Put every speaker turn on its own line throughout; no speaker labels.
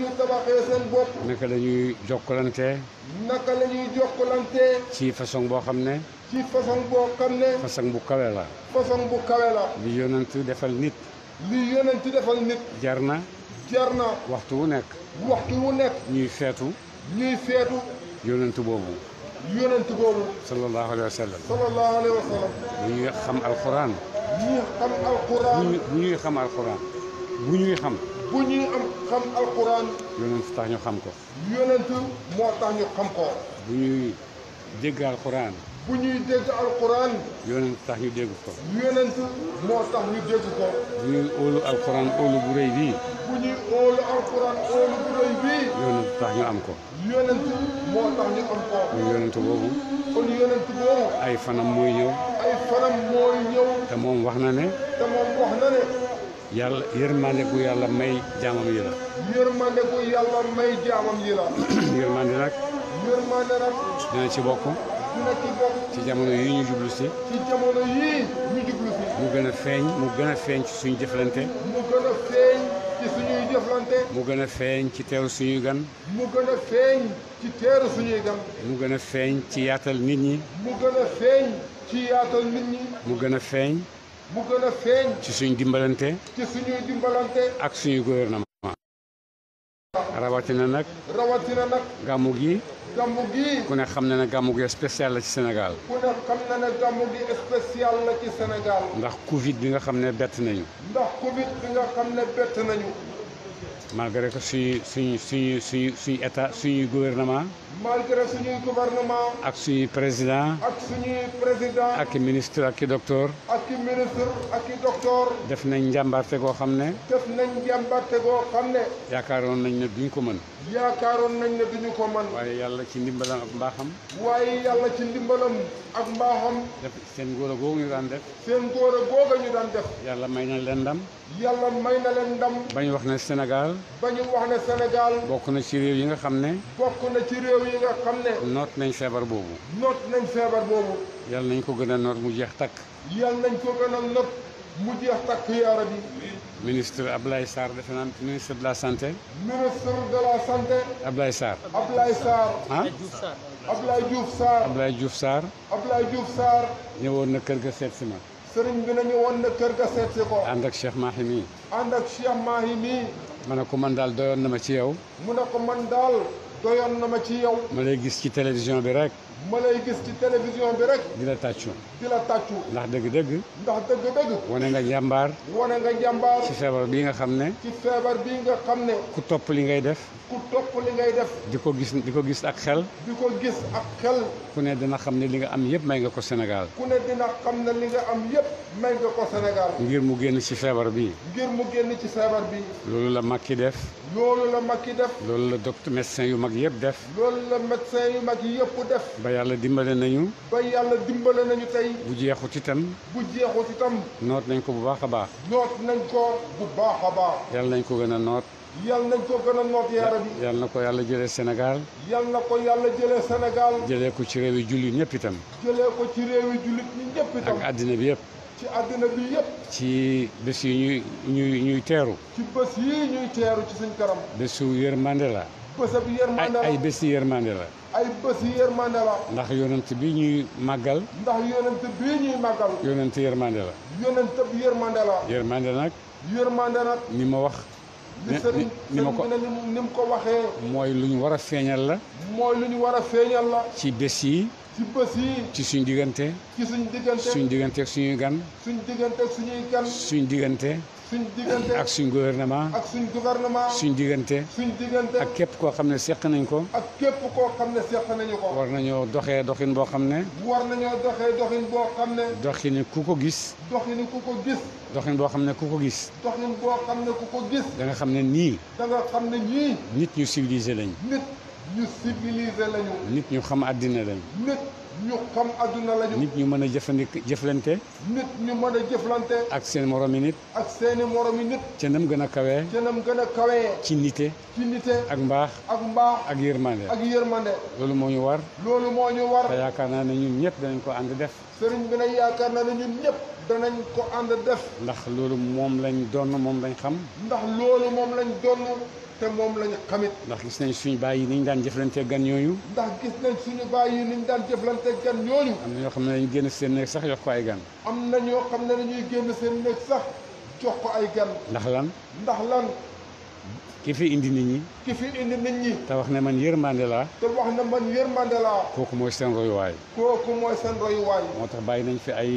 ñu tabaxee seen bopp.
naka la ñuy jokkalante.
naka la ñuy jokkalante.
ci façon boo xam ne.
ci façon boo xam ne.
façon bu kawe la.
façon bu kawe
li yonent defal nit. li yonent defal nit. jar na. jar na. waxtu wu nekk. waxtu wu nekk. ñuy feetu. ñuy feetu. yonent boobu. yonent boobu. sallallahu alayhi wa sallam. ñuy xam alquran. ñuy ñuy xam alquran. bu ñuy xam.
bu ñuy am xam alquran.
yonent tax ñu xam ko.
yonent moo tax ñu xam ko.
bu ñuy dégg alquran.
bu ñuy dégg alquran.
yonent tax ñu dégg ko.
yonent moo tax ñu dégg ko.
bu ñuy tax ñu am ko.
yonent moo tax ñu am ko.
kon yonent boobu.
kon yonent boobu.
ay fanam mooy ñëw.
ay fanam mooy ñëw.
te wax na ne.
te wax na ne.
yàlla yërmande gu yàlla may jaamam yi la.
yërmande gu yàlla may jaamam yi la. yërmande nag. yërmande nag. dina ci bokk. dina ci bokk.
ci jamono yii ñu jublu si.
ci jamono yii ñu jublu si.
mu gën a feeñ mu gën a feeñ ci suñu jëflante.
mu gën a feeñ ci suñuy jëflante.
mu gën a feeñ ci teeru suñuy gan.
mu gën a feeñ ci teeru suñuy gan.
mu gën a feeñ ci yaatal nit ñi.
mu gën a feeñ ci yaatal nit ñi.
mu gën a feeñ. ci suñ dimbalante.
ci suñuy
rawatina nag. gàmmu gi. ku ne xam na ne gàmmu gi ci Sénégal.
na gàmmu gi spécial la ci Sénégal.
ndax Covid bi nga xam ne bett nañu.
ndax Covid bi nga xam ne bett nañu.
malgré que suñu suñu suñu suñu suñu état suñu gouvernement.
malgré suñuy gouvernement.
ak suñuy président.
ak suñuy président. ak
ministre ak i def nañ njàmbarte goo xam ne.
def nañ njàmbarte goo xam ne.
yaakaaroon nañ ne duñ ko mën. yaakaaroon nañ ne duñu ko mën. waaye yàlla ci ndimbalam ak mbaaxam.
waaye yàlla ci ndimbalam ak mbaaxam.
def seen góor a ñu daan def. seen góor a ñu daan def. yàlla may na leen ndam.
yàlla may na leen ndam.
bañ
ba ñu wax
bokk na ci réew yi nga xam ne.
bokk na ci réew yi nga xam ne.
noot nañ feebar boobu.
noot nañ feebar boobu.
yal nañ ko gën a noot mu jeex takk.
yal nañ ko gën a noot mu jeex takk yaara bi.
ministre Ablaye Sarr defe naa ministre de la santé.
ministre de la santé. Ablaye Sarr. Ablaye Sarr. ah. Ablaye Diouf Sarr. Ablaye Diouf
ñëwoon na kër ga seet si ma.
sëriñ bi na ñëwoon na kër ga seet ko.
ànd ak Cheikh Mahi mii.
ànd ak Cheikh Mahi mii.
ma ne ko man daal doyoon na ma ci yow.
mu ne ko man daal doyoon na ma ci yow.
ma lay gis ci télévision bi rek.
ma lay gis ci télévision bi rek. di la tàccu. di la tàccu. ndax dégg dëgg ndax dëgg-dëgg.
wane nga jàmbaar.
wane nga jàmbaar. ci
feebar bii nga xam ne.
ci feebar bii nga xam ne.
ku topp li ngay def.
ku topp li ngay def.
di ko gis di ko gis ak xel.
di ko gis ak xel.
ku ne dina xam ne li nga am yëpp may nga ko Sénégal.
ku ne dina xam ne li nga am yëpp may nga ko Sénégal.
ngir mu génn ci feebar bi.
ngir bi.
loolu la Macky def.
loolu la mag yi def.
loolu la docteur médecin yu mag yëpp def.
loolu la médecin yu mag yëpp def.
ba yàlla dimbale nañu.
ba yàlla dimbale nañu tey.
bu jeexut itam.
bu jeexut itam.
noot nañ ko bu baax a baax.
noot nañ ko bu baax a baax.
yàlla nañ ko gën a noot.
yàlla nañ ko gën a noot yaara
yàlla na ko yàlla jëlee senegal
yàlla ko yàlla jëlee Sénégal.
jëlee ko ci réewi jullit ñëpp itam.
jëlee ko ci réewi jullit ñi ñëpp itam. ak
àddina bi yëpp.
ci àddina bi yëpp.
ci bés yi ñuy ñuy ñuy teeru.
ci bés yi ñuy teeru ci suñ karam.
bésu yërmande la.
bésab yërmande la ay ay la. ay
bés yi
yërmande la.
ndax yonent bi ñuy màggal.
ndax yonent bi ñuy màggal.
yonent yërmande la.
yonent bi yërmande la.
yërmande nag. yërmande ni ma wax.
ni sëriñ ni ma ko ni mu ko waxee.
mooy lu ñu war a feeñal la.
mooy lu war a feeñal la.
ci bés yi. ci suñ diggante.
ci suñ diggante suñ
diggante ak gan.
suñ diggante ak suñ diggante. suñ diggante ak
suñ gouvernement.
ak suñ gouvernement. suñ
diggante. ak képp koo xam ne seq nañ ko. ak
képp koo xam ne seq nañu ko.
war nañoo doxee doxin boo xam ne.
war nañoo doxee doxin boo xam ne.
doxin ku ko gis.
doxin ku ko gis.
doxin boo xam ne ku ko gis.
doxin boo xam ne ku ko gis.
da xam ne nii.
da nga xam ne ñii.
nit ñu civilisé lañ.
nit ñu civilisé lañu.
nit ñu xam àddina lañ.
ñu xam adduna lañu.
nit ñu mën a jëfandik jëflante.
nit ñu mën a jëflante.
ak seen moromi nit. ak seeni moromi nit. ca nam gën a kawee. ca nam gën a kawee. ci nite. ci ak mbaax. ak mbaax ak yërmande. ak yërmande. loolu moo ñu war. loolu moo ñu war. te yaakaar naa ne ñun ñëpp danañ ko ànd def.
sëriñ bi nag yaakaar na ne ñun ñëpp danañ ko ànd def.
ndax loolu moom lañ doon moom lañ xam.
ndax loolu moom lañ doon
te moom lañ xamit. ndax gis nañ suñu baay yi ni ñu daan jëflante gan yooyu.
ndax gis nañ suñu baay yi ni daan jëflante gan yooyu.
am na ñoo xam ne dañuy génn seen néeg sax jox ko ay gan.
am na ñoo xam ne dañuy génn seen néeg sax jox ko ay gan. ndax lan. ndax lan.
ki fi indi nit ñi. ki fi indi nit ñi. te wax ne man yërmande laa.
te wax ne man yërmande laa.
kooku mooy seen royuwaay. kooku mooy seen royuwaay. moo tax bàyyi nañ fi ay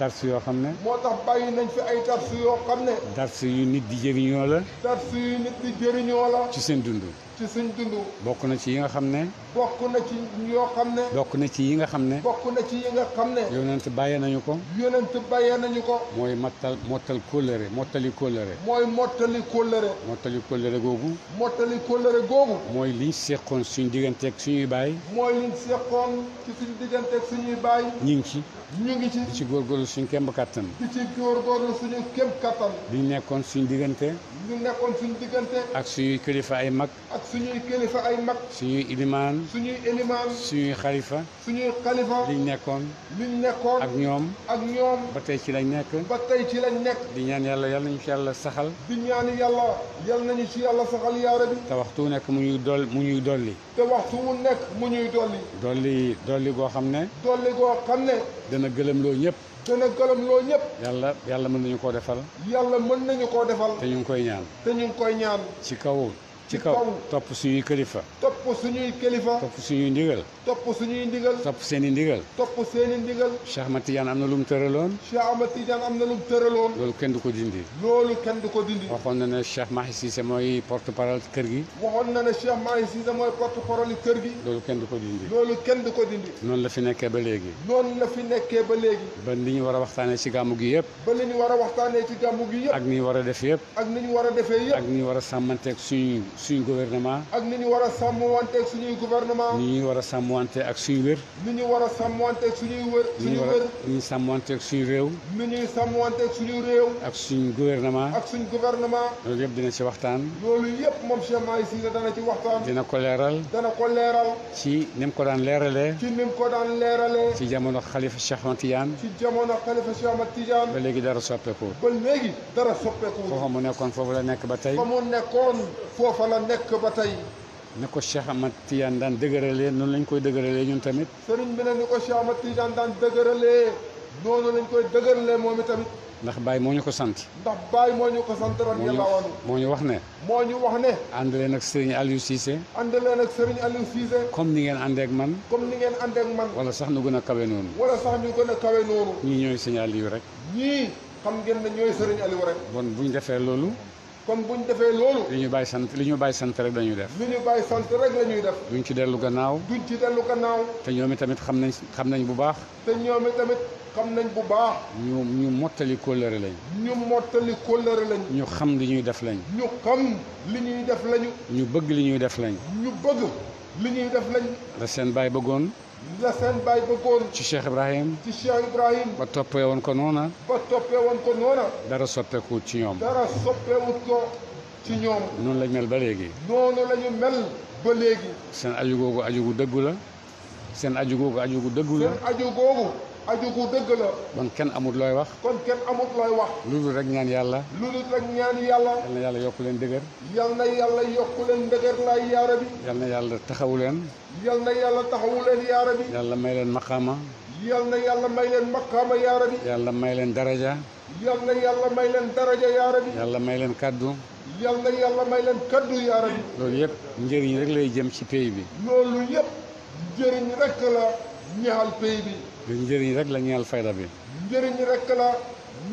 dars yoo xam ne.
moo tax bàyyi nañ fi ay dars yoo xam ne.
dars yu nit di jëriñoo la.
dars yu nit di jëriñoo la. ci seen dund. ci suñ dund.
bokk na ci yi nga xam ne.
bokk na ci yoo xam ne.
bokk na ci yi nga xam ne. bokk na ci yi nga xam ne. yonent bàyyee nañu ko. yonent bàyyee nañu ko. mooy mattal mottal kóllëre mottali kóllëre. mooy mottali kóllëre. mottali kóllëre googu. mottali kóllëre googu. mooy liñ seqoon suñ digganteeg suñuy baay.
mooy liñ seqoon ci suñ digganteeg suñuy baay.
ñu ngi ci. ñu ngi ci. di ci góorgóorlu suñ kemb kàttan
di ci góorgóorlu suñu
kemb kattan. liñ nekkoon suñ diggante.
ñu nekkoon suñ diggante.
ak suñuy kilifa ay mag.
suñuy kilifa ay mag.
suñuy ilimaan. suñuy ilimaan. suñuy xalifa. suñuy xalifa. liñ nekkoon. liñ nekkoon ak ñoom. ak ñoom ba tey ci lañ nekk. ba tey ci lañ nekk. di ñaan yàlla yal ñu ci yàlla saxal.
di ñaan yàlla yal nañu ci yàlla saxal yaa
rabbi. te waxtu wu nekk mu ñuy dool mu ñuy dolli.
te waxtu wu nekk mu ñuy dolli.
dolli dolli goo xam ne. dolli goo xam ne. dana gëlëm loo ñëpp. dana gëlëm loo ñëpp. yàlla yàlla mën nañu koo defal. yàlla mën nañu koo defal. ñu ngi koy ñaan. te koy ñaan. ci kaw ci kaw topp suñuy kilifa. topp suñuy kilifa. topp suñuy ndigal. topp suñuy ndigal. topp seen i ndigal.
topp seen i ndigal.
Cheikh Ahmad Tidiane am na lu mu tëraloon. Cheikh Ahmad Tidiane am na lu mu tëraloon. loolu kenn du ko dindi. loolu kenn du ko dindi. waxoon na ne Cheikh Mahi Cissé mooy porte parole kër gi.
waxoon na ne Cheikh Mahi Cissé mooy porte parole kër gi. loolu kenn du ko dindi. loolu kenn du ko dindi.
noonu la fi nekkee ba léegi. noonu la fi nekkee ba léegi. ba li ñu war a waxtaanee ci gàmmu gi yëpp.
ba li ñu war a waxtaanee ci gàmmu gi yëpp.
ak ni ñu war a def yëpp. ak ni ñu war a defee yëpp. ak ni ñu war a sàmmanteeg suñu suñu gouvernement.
ak ni ñu war a sàmmwante ak suñuy gouvernement.
ni ñu war a sàmmwante ak suñu wér.
ni ñu war a sàmmwante ak suñu wér. suñuy wér
ni ñu sàmmwante ak suñu
ni ñuy sàmmwante ak suñu réew.
ak suñu gouvernement.
ak suñu gouvernement.
loolu yëpp dina si waxtaan.
loolu yëpp moom Cheikh Mahi Cissé dana ci waxtaan.
dina ko leeral.
dana ko leeral.
ci ni ko daan leerale ci
ni ko daan leeralee.
ci jamono xalifa Cheikh Ahmad Tidiane. ci jamono xalifa Cheikh Ahmad Tidiane. ba léegi dara soppeeku. ba léegi dara soppeeku. foofa mu nekkoon foofu la nekk ba tey. fa
mu nekkoon foofa wala nekk ba tey
ne ko Cheikh Ahmad Tidiane daan dëgëralee noonu lañ koy dëgëralee ñun tamit sëriñ bi ne ni
ko Cheikh Ahmad Tidiane daan dëgëralee noonu lañ koy dëgëralee moom itamit
ndax Baye moo ñu ko sant
ndax Baye moo ñu ko sant radiyallahu anhu
moo ñu wax ne moo ñu wax ne ànd leen ak Serigne Aliou Cissé ànd leen ak Serigne Aliou Cissé comme ni ngeen àndee ak man comme ni ngeen àndee ak man wala sax nu gën a kawe noonu wala sax ñu gën a kawe noonu ñii ñooy Serigne Aliou rek ñii xam ngeen ne ñooy
Serigne Aliou rek
bon bu ñu defee loolu kon buñ defee loolu li ñu bàyyi sant li ñu bàyyi sant rek lañuy def
li ñu bàyyi sant rek la ñuy def
duñ ci dellu gannaaw
duñ ci dellu gannaaw
te ñoom itamit xam nañ xam nañ bu baax te ñoom tamit xam nañ bu baax ñu ñu mottali kóllëre lañ ñu mottali kóllëre lañ ñu xam li ñuy def lañ
ñu li ñuy def lañu
ñu bëgg li ñuy def lañ
ñu def
seen baay bëggoon
la seen baay bëggoon.
ci Cheikh Ibrahim.
ci Cheikh Ibrahim.
ba toppee woon ko noona.
ba woon ko noona.
dara soppeekuwut ci ñoom.
dara soppeewut ko
ci ñoom. noonu lañ mel ba léegi.
noonu la ñu mel ba léegi.
seen aju googu aju gu dëggu la. seen aju googu aju gu dëggu la. seen
aju googu. aju gu dëgg la.
kon kenn amut looy wax. kon lu dul rek ñaan yàlla.
lu dul rek ñaan yàlla.
yàlla yokk leen dëgër.
yal na yàlla yokk leen dëgër laay yaara bi.
yàlla yàlla taxawu leen
yàlla
may leen maqaama.
yàlla may leen maqaama yaara bi.
yàlla may leen daraja.
yal na yàlla may leen daraja yaara bi.
yàlla may leen kaddu.
yàlla may leen kaddu yaara bi.
loolu yëpp njëriñ rek lay jëm ci pays bi.
loolu yëpp njëriñ rek la ñaxal
pays bi lu njëriñ rek la ñeel fayda bi
njëriñ rek la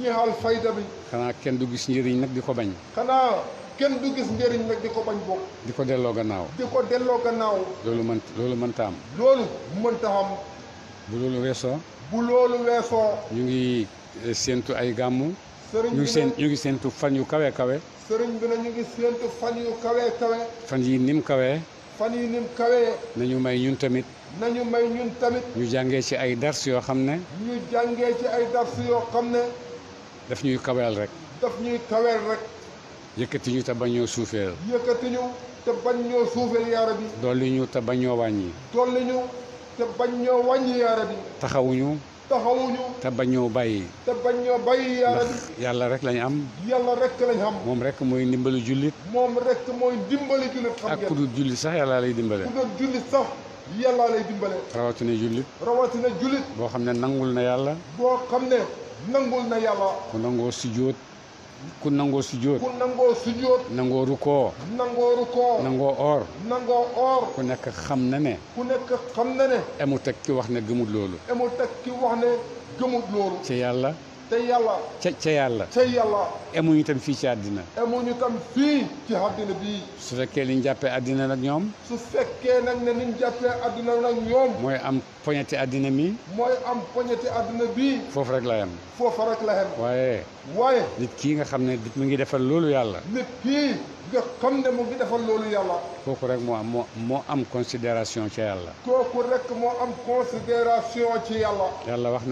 ñeexal fayda bi
xanaa kenn du gis njëriñ nag di ko bañ
xanaa kenn du gis njëriñ nag di ko bañ bokk
di ko delloo gannaaw
di ko delloo gannaaw
loolu mën loolu mënta am loolu mënta am bu loolu weesoo
bu loolu weesoo
ñu ngi eh, séentu ay gàmmu sëriñ ñu ngi seen ñu séentu fan yu kawe kawe
sëriñ bi na ñu ngi séentu fan yu kawe kawe
fan yi nim kawee
fan yi nim kawee
nañu may ñun tamit
nañu may ñun tamit.
ñu jàngee ci ay dars yoo xam ne.
ñu jàngee ci ay dars yoo xam ne.
daf ñuy kaweel rek.
daf ñuy kaweel rek.
yëkkati ñu te bañ ñoo suufeel.
yëkkati ñu te bañ bi.
dolli ñu te bañ ñoo wàññi.
dolli ñu te bañ ñoo wàññi yaara bi.
taxawuñu. te bañ ñoo bàyyi.
te bañ ñoo bàyyi yaara bi.
yàlla rek lañ am.
yàlla rek lañ
moom rek mooy ndimbalu jullit.
moom rek mooy ndimbalu jullit. ak ku dul
jullit sax yàlla lay dimbale. ku
jullit sax. yàlla lay dimbale.
rawatina jullit. rawatina jullit. boo xam ne nangul na yàlla.
boo xam ne nangul na yàlla.
ku nangoo sujjóot. ku nangoo sujjóot.
nangoo sujjóot.
nangoo rukoo.
nangoo rukoo.
nangoo or.
nangoo or.
ku nekk xam na ne.
ku nekk xam na ne.
emu teg ki wax ne gëmut loolu.
emu teg ki wax ne gëmut loolu. ci yàlla. ca yàlla.
ca ca yàlla. ca yàlla. amuñu tam fii ci àddina.
amuñu tam fii ci àddina bii.
su fekkee liñ jàppee àddina nag ñoom.
su fekkee nag ne niñ jàppee àddina nag ñoom.
mooy am poñete àddina mi.
mooy am poñeti àddina bii. foofu rek la yem. foofu rek la yem.
waaye. waaye. nit kii nga xam ne mu ngi defal loolu yàlla. nit kii. nga xam ne mu ngi defal loolu yàlla. kooku rek moo am moo moo am considération ci yàlla.
kooku rek moo am considération ci yàlla.
yàlla wax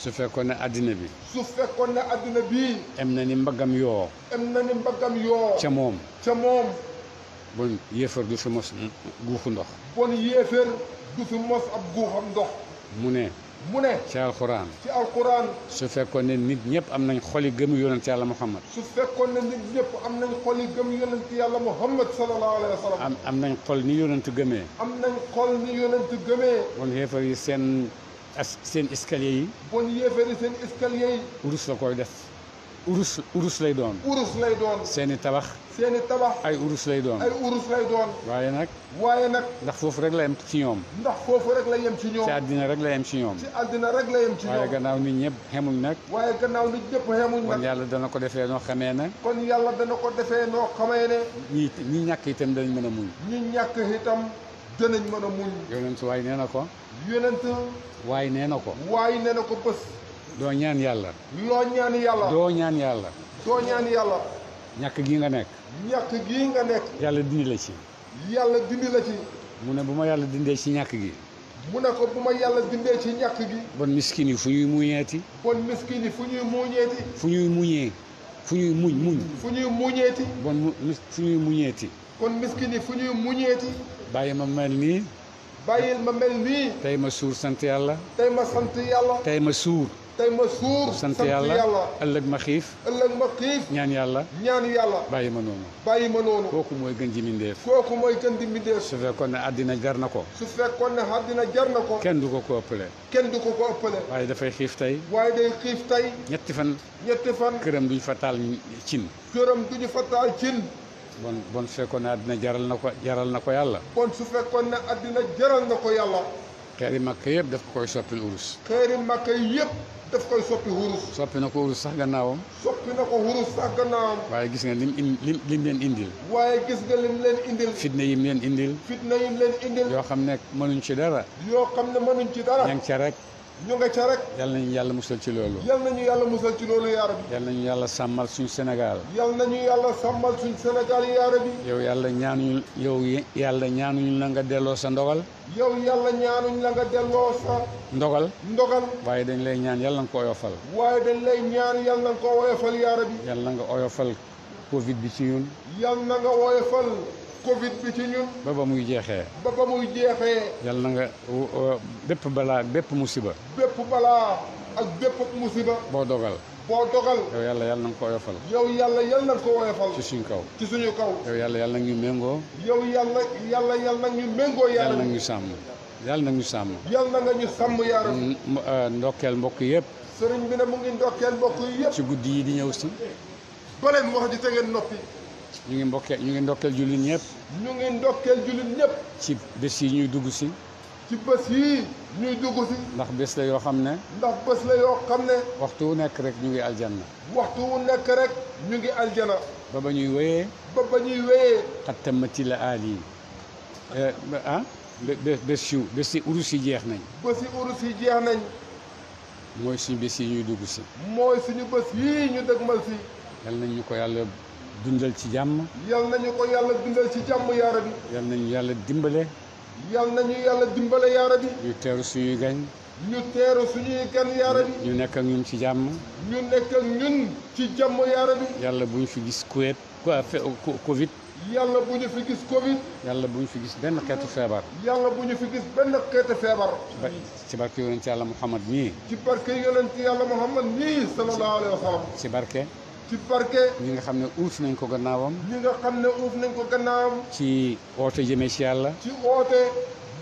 su fekkoon ne addina bi.
su fekkoon ne bi.
am na ni mbaggam yoo.
am na ni mbaggam yoo.
ca moom ca moom. bon yéefar du fi mos guuxu ndox.
bon yéefar du fi mos ab
guuxam ndox. mu ne. mu ne. ci alquran.
ci alquran.
su fekkoon ne nit ñëpp am nañ yi gëm yonent yàlla Muhammad.
su fekkoon ne nit ñëpp am nañ yi gëm yonent yàlla Muhammad sallallahu alayhi
am nañ xol ni yonent gëmee.
am nañ xol ni yonent gëmee.
bon yéefar yi seen. as seen escalier yi.
bon yéefari seen escalier yi.
urus la koy def. urus urus lay doon.
urus lay doon.
seeni tabax. seen i tabax. ay urus lay doon. ay urus lay waaye nag. waaye nag. ndax foofu rek la yem ci ñoom.
ndax foofu rek la yem
si ñoom. ci àddina rek la yem ci ñoom. ci
àddina rek la yem si ñoom. waaye
gannaaw ñëpp xemuñ nag.
waaye gannaaw nit ñëpp xemuñ nag. kon
yàlla dana ko defee noo xamee ne.
kon yàlla dana ko defee noo xamee ne.
ñii ñi ñàkk itam dañ mën a muñ. ñi ñàkk itam danañ mën a muñ. si waaye nee na ko. yonent waaye nee na ko
waaye nee na ko bés
doo ñaan yàlla
loo ñaan yàlla doo ñaan yàlla doo ñaan yàlla
ñàkk gi nga nekk ñàkk gi nga nekk yàlla dindi la ci yàlla dindi la ci mu ne bu ma yàlla dindee ci ñàkk gi
mu ne ko bu ma yàlla dindee ci ñàkk gi
bon miskin yi fu ñuy muñeeti bon miskin yi fu ñuy muñeeti fu ñuy muñee fu ñuy muñ muñ fu ñuy fu ñuy muñeeti kon miskin ma mel nii bàyyil ma mel nii. tey ma suur sant yàlla.
tey ma sant yàlla.
tey ma suur. tey ma suur sant yàlla ëllëg ma xiif ëllëg ma xiif ñaan yàlla ñaan yàlla bàyyi ma noonu bàyyi ma noonu kooku mooy gën ji mindeef kooku mooy gën di mindeef su fekkoon ne àddina jar na ko
su fekkoon ne àddina jar na
ko kenn du ko ko ëppale
kenn du ko ko ëppale
waaye dafay xiif tey
waaye day xiif tey
ñetti fan këram duñu fa taal cin
këram duñu fa taal cin
bon bon su fekkoon ne àddina jaral na ko jaral na ko yàlla.
kon su fekkoon ne àddina jaral na ko yàlla.
xeeri màkk yëpp daf koy soppil urus. xeeri
màkk yëpp
daf koy soppi urus. soppi na ko urus sax gannaawam.
soppi na ko urus sax gannaawam.
waaye gis nga lim in lim lim leen indil. waaye gis nga lim leen indil. fitna yim leen indil. yoo xam ne mënuñ ci dara. yoo xam ne mënuñ ci dara. ña nga ca rek. ñu nga ca rek yal nañu yàlla musal ci loolu
yal nañu yàlla musal ci loolu
yaa rabbi yal nañu yàlla sàmmal suñu Sénégal
yal nañu yàlla sàmmal suñu Sénégal yaa rabbi
yow yàlla ñaanuñu yow yàlla ñaanuñu la nga delloo sa ndogal
yow yàlla ñaanuñ la nga delloo
ndogal ndogal waaye dañ lay ñaan yàlla nga ko oyofal
waaye dañ lay ñaan
yàlla nga ko oyofal yaa rabbi yàlla nga oyofal covid bi ci ñun
yàlla nga oyofal Covid bi ci ñun.
ba ba muy jeexee.
ba ba muy jeexee.
yàlla na nga bépp balaa bépp musiba.
bépp balaa ak bépp musiba. boo dogal. boo
dogal. yow yàlla yàlla na nga ko oyofal. yow yàlla yàlla na nga ko oyofal. ci suñu kaw. ci suñu kaw. yow yàlla yàlla na ñu méngoo. yow yàlla yàlla yàlla na ñu méngoo. yàlla na ñu sàmm. yàlla na ñu sàmm. yàlla na nga ñu sàmm yaaram. Mm, euh, ndokkeel mbokk yëpp. sëriñ bi ne mu ngi ndokkeel mbokk yëpp. ci guddi yi di ñëw si.
ba leen wax ji te ngeen noppi.
ñu ngi mbokkee ñu ngi ndokkeel jullit ñëpp.
ñu ngi ndokkeel jullit ñëpp.
ci bés yi ñuy dugg si. ci bés yi ñuy dugg si. ndax bés la yoo xam ne. ndax
bés la yoo xam ne.
waxtu wu nekk rek ñu ngi aljanna.
waxtu wu nekk rek ñu ngi aljanna.
ba ba ñuy wéyee.
ba ba ñuy wéyee.
xattamati la aal yi eh, ah bés bés yu bés yi urus yi jeex nañ.
bés yi urus yi jeex nañ.
mooy suñu bés yi ñuy dugg si.
mooy suñu bés yii ñu dëgmal si.
yal nañ ñu ko yàlla. dundal ci jàmm.
yal nañu ko yàlla dundal ci jàmm yaa rabbi.
yal nañu yàlla dimbale.
yal nañu yàlla dimbale yaa rabbi.
ñu teeru suñuy gañ. ñu teeru suñuy gan yaa rabbi. ñu nekk ak ñun ci jàmm. ñu nekk ak ñun ci jàmm yaa rabbi. yàlla bu ñu fi gis kuweet ku Covid. yàlla bu ñu fi gis Covid. yàlla bu ñu fi gis benn xeetu feebar. yàlla bu ñu fi gis benn xeetu feebar. ci barke yonent yàlla Muhammad nii.
ci barke yonent yàlla Muhammad nii sallallahu alayhi wa sallam.
ci barke. ci barke. ñi nga xam ne uuf nañ ko gannaawam.
ñi nga xam ne uuf nañ ko gannaawam.
ci oote jëmee ci yàlla.
ci oote.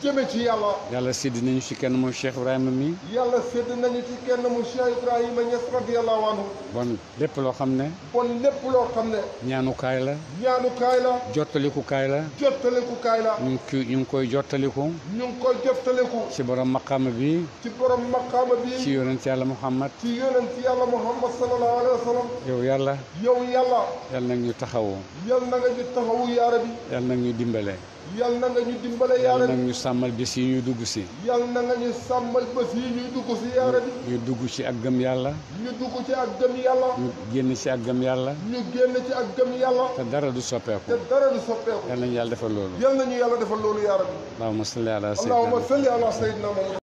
jëme ci yàlla.
yàlla sédd nañu ci kenn mu Cheikh Ibrahima mi.
yàlla sédd nañu ci kenn mu Cheikh Ibrahima Niass radiyallahu anhu.
bon lépp loo xam ne.
bon lépp loo xam ne.
ñaanukaay la.
ñaanukaay la.
jottalikukaay la.
jottalikukaay la.
ñu ngi koy ñu ngi koy jottaliku. ñu
ngi koy jottaliku.
ci borom maqaama bi. ci
borom maqaama bi. ci
yonent yàlla Muhammad. ci
yàlla Muhammad sallallahu alayhi wa sallam.
yow yow yàlla. yàlla na ñu taxawu. yàlla na nga ñu taxawu yaa yàlla na ñu dimbale.
yal na nga ñu dimbale yaara bi yal na
ñu sàmmal bés yi ñuy dugg si
yal na nga ñu sàmmal bés yi ñuy dugg si yaara bi
ñu dugg ci ak gëm yàlla
ñu dugg ci ak gëm yàlla
ñu génn ci ak gëm yàlla ñu
génn ci ak gëm yàlla
te dara du soppeeku te
dara du soppeeku
yal nañu yàlla defal loolu yal nañu yàlla defal loolu yaara bi allahumma salli ala sayyidina allahumma salli ala sayyidina